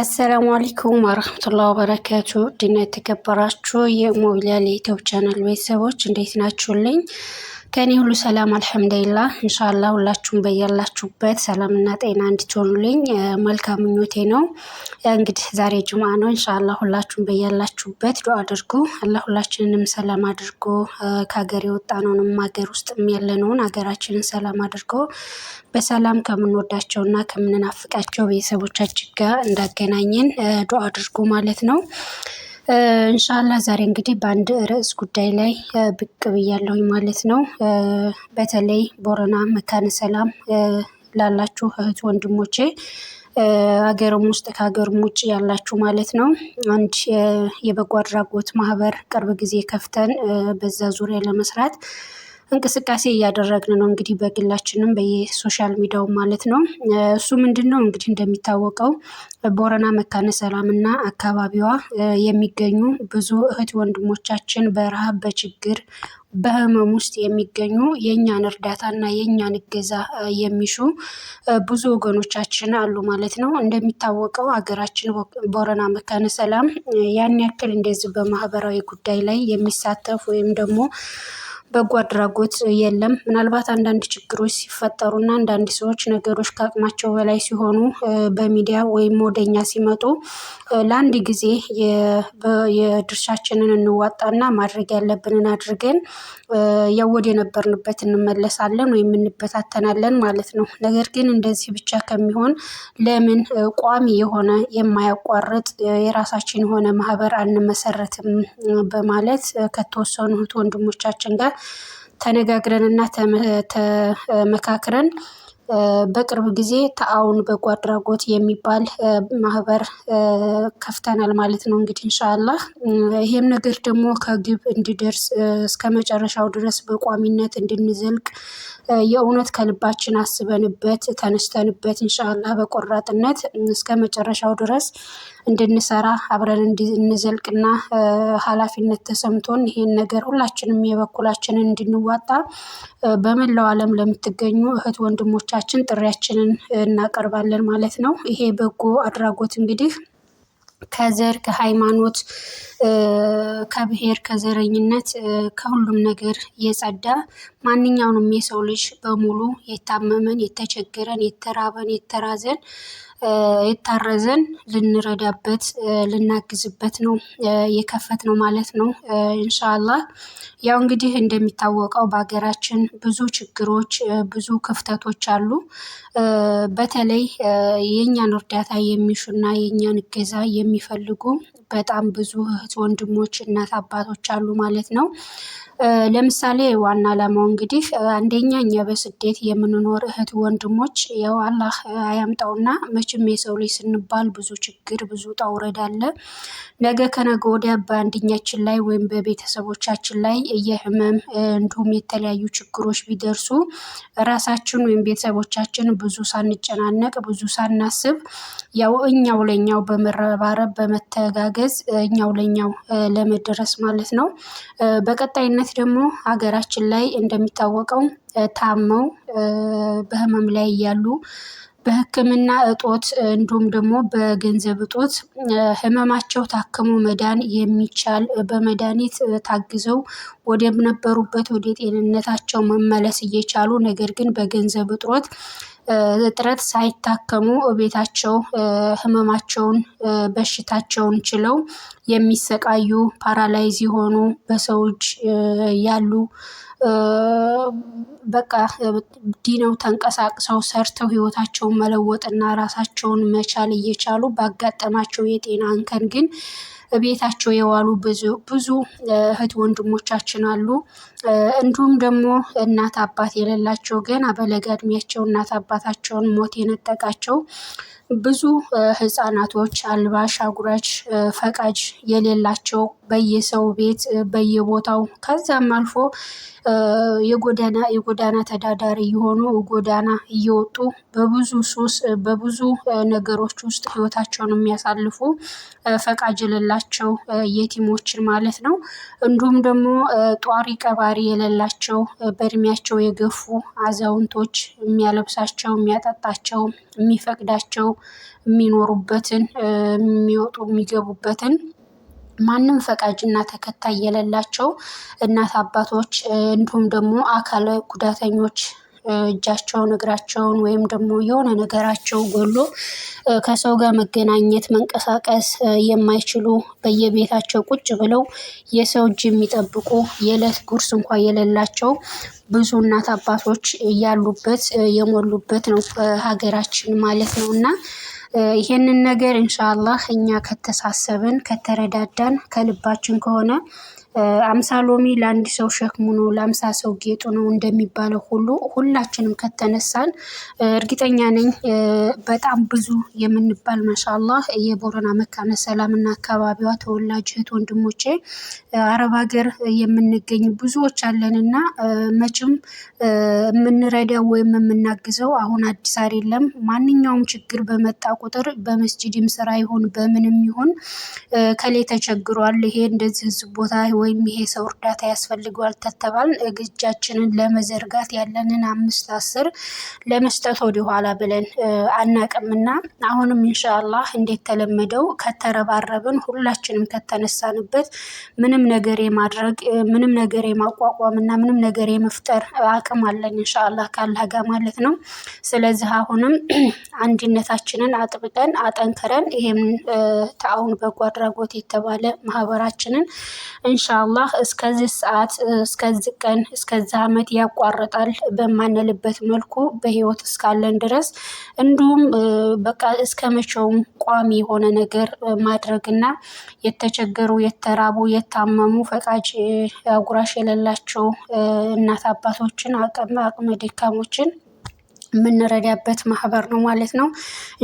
አሰላሙ አለይኩም ወረህመቱላሂ ወበረካቱ ድና የተከበራችሁ የሞቢሊያ ዩቲዩብ ቻናል ቤተሰቦች እንዴት ናችሁልኝ? ከእኔ ሁሉ ሰላም አልሐምዱሊላ። እንሻላ ሁላችሁም በያላችሁበት ሰላምና ጤና እንድትሆኑልኝ መልካም ምኞቴ ነው። እንግዲህ ዛሬ ጅማ ነው። እንሻላ ሁላችሁም በያላችሁበት ዱዓ አድርጉ። አላ ሁላችንንም ሰላም አድርጎ ከሀገር የወጣነውንም ሀገር ውስጥ ያለነውን ሀገራችንን ሰላም አድርጎ በሰላም ከምንወዳቸውና ከምንናፍቃቸው ቤተሰቦቻችን ጋር እንዳገናኘን ዱ አድርጉ ማለት ነው። እንሻላ ዛሬ እንግዲህ በአንድ ርዕስ ጉዳይ ላይ ብቅ ብያለሁኝ ማለት ነው። በተለይ ቦረና መካነ ሰላም ላላችሁ እህት ወንድሞቼ አገርም ውስጥ ከሀገርም ውጭ ያላችሁ ማለት ነው። አንድ የበጎ አድራጎት ማህበር ቅርብ ጊዜ ከፍተን በዛ ዙሪያ ለመስራት እንቅስቃሴ እያደረግን ነው እንግዲህ በግላችንም በየሶሻል ሚዲያው ማለት ነው። እሱ ምንድን ነው እንግዲህ እንደሚታወቀው ቦረና መካነ ሰላም እና አካባቢዋ የሚገኙ ብዙ እህት ወንድሞቻችን በረሃብ በችግር በህመም ውስጥ የሚገኙ የእኛን እርዳታ እና የእኛን እገዛ የሚሹ ብዙ ወገኖቻችን አሉ ማለት ነው። እንደሚታወቀው ሀገራችን ቦረና መካነ ሰላም ያን ያክል እንደዚህ በማህበራዊ ጉዳይ ላይ የሚሳተፍ ወይም ደግሞ በጎ አድራጎት የለም። ምናልባት አንዳንድ ችግሮች ሲፈጠሩ እና አንዳንድ ሰዎች ነገሮች ከአቅማቸው በላይ ሲሆኑ በሚዲያ ወይም ወደኛ ሲመጡ ለአንድ ጊዜ የድርሻችንን እንዋጣና ማድረግ ያለብንን አድርገን ያው ወደ እንመለሳለን ወይም እንበታተናለን ማለት ነው። ነገር ግን እንደዚህ ብቻ ከሚሆን ለምን ቋሚ የሆነ የማያቋርጥ የራሳችን የሆነ ማህበር አንመሰረትም? በማለት ከተወሰኑት ወንድሞቻችን ጋር ተነጋግረን እና ተመካክረን በቅርብ ጊዜ ተአውን በጎ አድራጎት የሚባል ማህበር ከፍተናል ማለት ነው። እንግዲህ እንሻላ ይህም ነገር ደግሞ ከግብ እንዲደርስ እስከ መጨረሻው ድረስ በቋሚነት እንድንዘልቅ የእውነት ከልባችን አስበንበት ተነስተንበት እንሻላ በቆራጥነት እስከ መጨረሻው ድረስ እንድንሰራ አብረን እንድንዘልቅና ኃላፊነት ተሰምቶን ይሄን ነገር ሁላችንም የበኩላችንን እንድንዋጣ በመላው ዓለም ለምትገኙ እህት ወንድሞች ለወላጆቻችን ጥሪያችንን እናቀርባለን ማለት ነው። ይሄ በጎ አድራጎት እንግዲህ ከዘር ከሃይማኖት ከብሔር ከዘረኝነት ከሁሉም ነገር የጸዳ ማንኛውንም የሰው ልጅ በሙሉ የታመመን የተቸገረን የተራበን የተራዘን የታረዘን ልንረዳበት ልናግዝበት ነው የከፈት ነው ማለት ነው። እንሻላ ያው እንግዲህ እንደሚታወቀው በሀገራችን ብዙ ችግሮች ብዙ ክፍተቶች አሉ። በተለይ የእኛን እርዳታ የሚሹና የእኛን እገዛ የሚ የሚፈልጉ በጣም ብዙ እህት ወንድሞች፣ እናት አባቶች አሉ ማለት ነው። ለምሳሌ ዋና አላማው እንግዲህ አንደኛ እኛ በስደት የምንኖር እህት ወንድሞች ያው አላህ አያምጣውና መቼም የሰው ልጅ ስንባል ብዙ ችግር ብዙ ጣውረድ አለ። ነገ ከነገ ወዲያ በአንድኛችን ላይ ወይም በቤተሰቦቻችን ላይ የህመም እንዲሁም የተለያዩ ችግሮች ቢደርሱ ራሳችን ወይም ቤተሰቦቻችን ብዙ ሳንጨናነቅ ብዙ ሳናስብ ያው እኛው ለእኛው በመረባ በመቀራረብ በመተጋገዝ እኛው ለኛው ለመደረስ ማለት ነው። በቀጣይነት ደግሞ ሀገራችን ላይ እንደሚታወቀው ታመው በህመም ላይ እያሉ በህክምና እጦት እንዲሁም ደግሞ በገንዘብ እጦት ህመማቸው ታክሞ መዳን የሚቻል በመድኃኒት ታግዘው ወደ ነበሩበት ወደ ጤንነታቸው መመለስ እየቻሉ ነገር ግን በገንዘብ እጦት እጥረት ሳይታከሙ ቤታቸው ህመማቸውን በሽታቸውን ችለው የሚሰቃዩ ፓራላይዝ የሆኑ በሰው እጅ ያሉ በቃ ዲነው ተንቀሳቅሰው ሰርተው ህይወታቸውን መለወጥና ራሳቸውን መቻል እየቻሉ ባጋጠማቸው የጤና እንከን ግን ቤታቸው የዋሉ ብዙ ብዙ እህት ወንድሞቻችን አሉ። እንዲሁም ደግሞ እናት አባት የሌላቸው ገና በለጋ እድሜያቸው እናት አባታቸውን ሞት የነጠቃቸው ብዙ ህፃናቶች አልባሽ አጉራች ፈቃጅ የሌላቸው በየሰው ቤት በየቦታው ከዛም አልፎ የጎዳና የጎዳና ተዳዳሪ የሆኑ ጎዳና እየወጡ በብዙ ሱስ በብዙ ነገሮች ውስጥ ህይወታቸውን የሚያሳልፉ ፈቃጅ የሌላቸው የቲሞችን ማለት ነው። እንዲሁም ደግሞ ጧሪ ቀባሪ የሌላቸው በእድሜያቸው የገፉ አዛውንቶች የሚያለብሳቸው የሚያጠጣቸው የሚፈቅዳቸው የሚኖሩበትን የሚወጡ የሚገቡበትን ማንም እና ተከታይ የሌላቸው እናት አባቶች እንዲሁም ደግሞ አካለ ጉዳተኞች እጃቸውን እግራቸውን ወይም ደግሞ የሆነ ነገራቸው ጎሎ ከሰው ጋር መገናኘት መንቀሳቀስ የማይችሉ በየቤታቸው ቁጭ ብለው የሰው እጅ የሚጠብቁ የዕለት ጉርስ እንኳ የሌላቸው ብዙ እናት አባቶች ያሉበት የሞሉበት ነው ሀገራችን ማለት ነው እና ይሄንን ነገር ኢንሻአላህ እኛ ከተሳሰብን ከተረዳዳን ከልባችን ከሆነ አምሳ ሎሚ ለአንድ ሰው ሸክሙ ነው፣ ለአምሳ ሰው ጌጡ ነው እንደሚባለው ሁሉ ሁላችንም ከተነሳን እርግጠኛ ነኝ በጣም ብዙ የምንባል ማሻአላህ የቦረና መካነ ሰላምና አካባቢዋ ተወላጅ እህት ወንድሞቼ አረብ ሀገር የምንገኝ ብዙዎች አለንና መቼም የምንረዳው ወይም የምናግዘው አሁን አዲስ አይደለም። ማንኛውም ችግር በመጣ ቁጥር በመስጅድም ስራ ይሁን በምንም ይሁን ከሌ ተቸግሯል፣ ይሄ እንደዚህ ህዝብ ቦታ ወይም ይሄ ሰው እርዳታ ያስፈልገዋል ተተባል እጃችንን ለመዘርጋት ያለንን አምስት አስር ለመስጠት ወደኋላ ብለን አናቅምና አሁንም እንዴት ተለመደው ከተረባረብን ሁላችንም ከተነሳንበት ምንም ነገር የማድረግ ምንም ነገር የማቋቋም እና ምንም ነገር የመፍጠር አቅም አለን ኢንሻአላህ ካላህ ጋር ማለት ነው። ስለዚህ አሁንም አንድነታችንን አጥብቀን አጠንክረን ይሄም ተአውን በጎ አድራጎት የተባለ ማህበራችንን እንሻ ኢንሻአላህ እስከዚህ ሰዓት እስከዚህ ቀን እስከዚህ ዓመት ያቋርጣል በማንልበት መልኩ በህይወት እስካለን ድረስ እንዲሁም በቃ እስከ መቼውም ቋሚ የሆነ ነገር ማድረግና የተቸገሩ የተራቡ የታመሙ ፈቃጅ አጉራሽ የሌላቸው እናት አባቶችን አቅመ ደካሞችን የምንረዳበት ማህበር ነው ማለት ነው።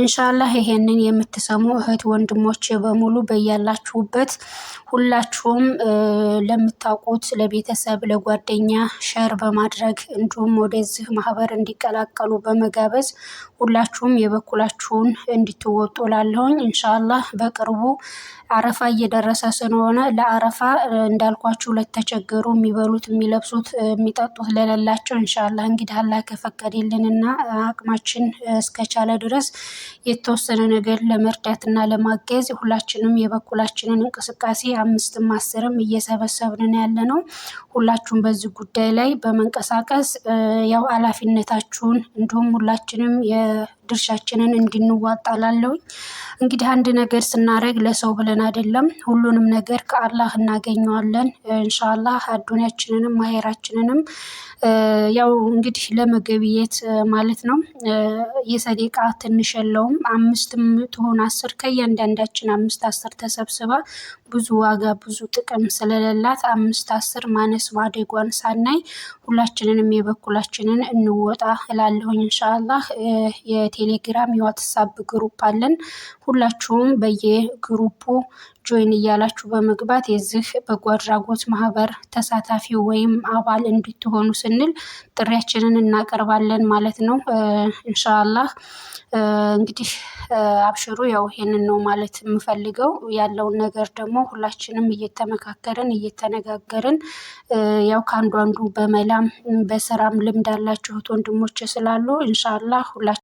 እንሻላህ ይሄንን የምትሰሙ እህት ወንድሞች በሙሉ በያላችሁበት ሁላችሁም ለምታውቁት ለቤተሰብ፣ ለጓደኛ ሸር በማድረግ እንዲሁም ወደዚህ ማህበር እንዲቀላቀሉ በመጋበዝ ሁላችሁም የበኩላችሁን እንድትወጡ ላለሁኝ እንሻላ በቅርቡ አረፋ እየደረሰ ስለሆነ ለአረፋ እንዳልኳችሁ ለተቸገሩ የሚበሉት፣ የሚለብሱት፣ የሚጠጡት ለሌላቸው እንሻላ እንግዲህ አላህ ከፈቀደልንና አቅማችን እስከቻለ ድረስ የተወሰነ ነገር ለመርዳትና ለማገዝ ሁላችንም የበኩላችንን እንቅስቃሴ አምስትም አስርም እየሰበሰብንን ያለ ነው። ሁላችሁም በዚህ ጉዳይ ላይ በመንቀሳቀስ ያው ኃላፊነታችሁን እንዲሁም ሁላችንም え ድርሻችንን እንድንዋጣ ላለሁኝ። እንግዲህ አንድ ነገር ስናደርግ ለሰው ብለን አይደለም፣ ሁሉንም ነገር ከአላህ እናገኘዋለን። እንሻላህ አዱንያችንንም አሄራችንንም ያው እንግዲህ ለመገብየት ማለት ነው። የሰዴቃ ትንሽ የለውም። አምስትም ትሆን አስር ከእያንዳንዳችን አምስት አስር ተሰብስባ ብዙ ዋጋ ብዙ ጥቅም ስለሌላት አምስት አስር ማነስ ማደጓን ሳናይ ሁላችንንም የበኩላችንን እንወጣ እላለሁኝ እንሻላህ። የቴሌግራም የዋትሳፕ ግሩፕ አለን። ሁላችሁም በየግሩፑ ጆይን እያላችሁ በመግባት የዚህ በጎ አድራጎት ማህበር ተሳታፊ ወይም አባል እንድትሆኑ ስንል ጥሪያችንን እናቀርባለን ማለት ነው። እንሻላህ እንግዲህ አብሽሩ። ያው ይሄንን ነው ማለት የምፈልገው። ያለውን ነገር ደግሞ ሁላችንም እየተመካከርን እየተነጋገርን ያው ከአንዱ አንዱ በመላም በስራም ልምድ አላችሁት ወንድሞች ስላሉ እንሻላ ሁላ